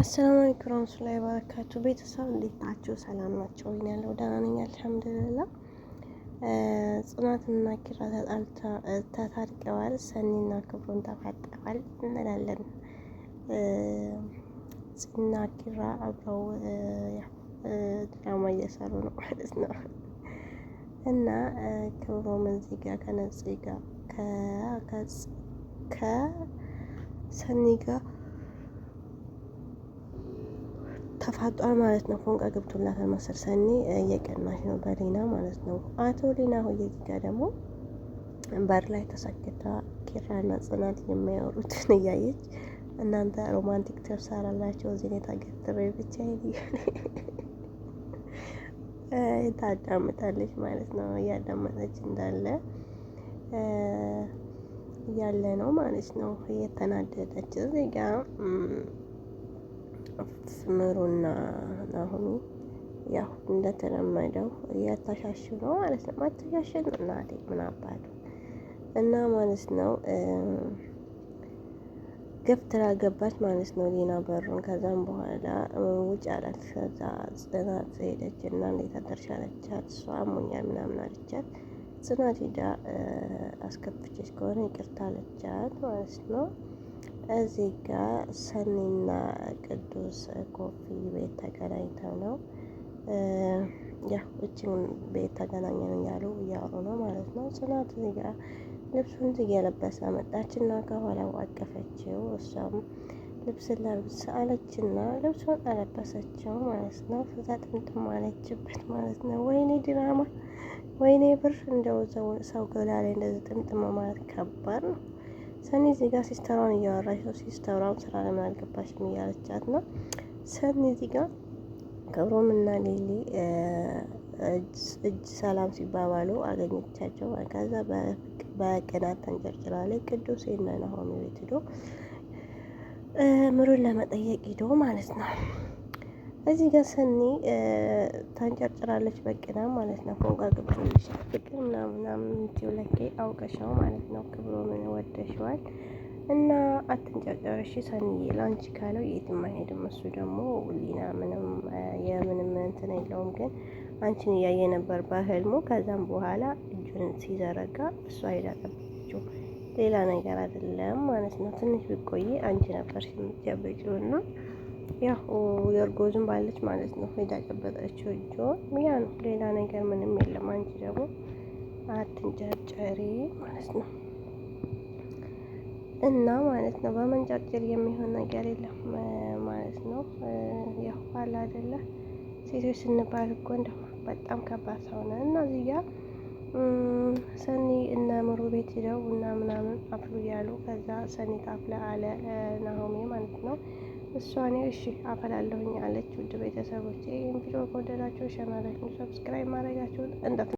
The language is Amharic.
አሰላሙ አለይኩም ወራህመቱላሂ ወበረካቱ። ቤተሰብ እንዴት ናችሁ? ሰላም ናቸው ወይ? ያለው ደህና ነኝ አልሐምዱሊላህ። ጽናትና ኪራ ተታርቀዋል፣ ሰኒና ክብሩን ተፋጠዋል እንላለን። ጽና ኪራ አብረው ድራማ እየሰሩ ነው ማለት ነው እና ክብሩም እዚህ ጋር ከነጽ ጋር ከሰኒ ጋር ተፋጧል ማለት ነው። ፎንቃ ገብቶላታል መሰል ሰኒ እየቀናሽ ነው በሊና ማለት ነው። አቶ ሊና ሆየ ጋ ደግሞ በር ላይ ተሰክታ ኪራና ጽናት የሚያወሩትን እያየች እናንተ ሮማንቲክ ተብሳላላቸው እዚህ ላይ ታገትረ ብቻ ታዳምጣለች ማለት ነው። እያዳመጠች እንዳለ ያለ ነው ማለት ነው። እየተናደደች እዚህ ጋር ምሩና ናሆሚ ያው እንደተለመደው እያታሻሽ ነው ማለት ነው። ማታሻሽን እናቴ ምን አባቱ እና ማለት ነው ገፍትራ ገባች ማለት ነው ሊና በሩን። ከዛም በኋላ ውጭ አላት። ከዛ ጽናት ሄደች እና እንዴት አደርሽ አለቻት። እሷ አሞኛል ምናምን አለቻት። ጽናት ሄዳ አስከፍቼች ከሆነ ይቅርታ አለቻት ማለት ነው። እዚህ ጋ ሰኒና ቅዱስ ኮፊ ቤት ተገናኝተው ነው ያው እችን ቤት ተገናኘን እያሉ እያወሩ ነው ማለት ነው። ጽናት እዚህ ጋር ልብሱን መጣች እና ከኋላ አቀፈችው። እሷም ልብስ ለብስ እና ልብሱን አለበሰችው ማለት ነው። ከዛ ጥምጥም አለችበት ማለት ነው። ወይኔ ድራማ፣ ወይኔ ብር! እንደው ሰው ገላ ላይ እንደዚህ ጥምጥም ማለት ከባድ ነው። ሰኒ እዚህ ጋር ሲስተሯን እያወራች ነው። ሲስተሯም ስራ ለምን አልገባሽም እያለቻት ነው። ሰኒ እዚህ ጋር ክብሮም እና ሌሊ እጅ ሰላም ሲባባሉ አገኘቻቸው። ከዛ በቅናት ተንጨርጭራለች። ቅዱስ የነ ናሆም ቤት ሂዶ ምሩን ለመጠየቅ ሂዶ ማለት ነው እዚህ ጋር ሰኒ ታንጨርጭራለች በቅና ማለት ነው። ፎንጋ ግብሮች ፍቅር ምናምናምን እንትው ለኬ አውቀሽ ማለት ነው። ክብሮ ምን ወደሽዋል እና አትንጨርጨረሽ ሰኒ፣ ላንቺ ካለው የትም አይሄድም። እሱ ደግሞ ሊና ምንም የምንም እንትን የለውም፣ ግን አንቺን እያየ ነበር በህልሙ። ከዛም በኋላ እጁን ሲዘረጋ እሱ አይዳ ጠብችው ሌላ ነገር አይደለም ማለት ነው። ትንሽ ብቆይ አንቺ ነበር እና ያው የእርጎ ባለች ማለት ነው። ሄዳ ጨበጠችው እጇን። ያ ነው ሌላ ነገር ምንም የለም። አንቺ ደግሞ አትንጨርጨሪ ማለት ነው። እና ማለት ነው በመንጨርጨር የሚሆን ነገር የለም ማለት ነው። ያው አለ አይደለ ሴቶች ስንባል እኮ እንደ በጣም ከባድ ሆነ እና እዚህ ጋር ሰኒ እና ምሩ ቤት ሂደው ቡና ምናምን አፍሉ እያሉ ከዛ ሰኒ ታፍለ አለ ናሆሜ ማለት ነው እሷ እኔ እሺ አፈላለሁኝ አለች። ውድ ቤተሰቦች ይህን ቪዲዮ ከወደዳችሁ ሸናላችሁ ሰብስክራይብ ማድረጋችሁን እንዳት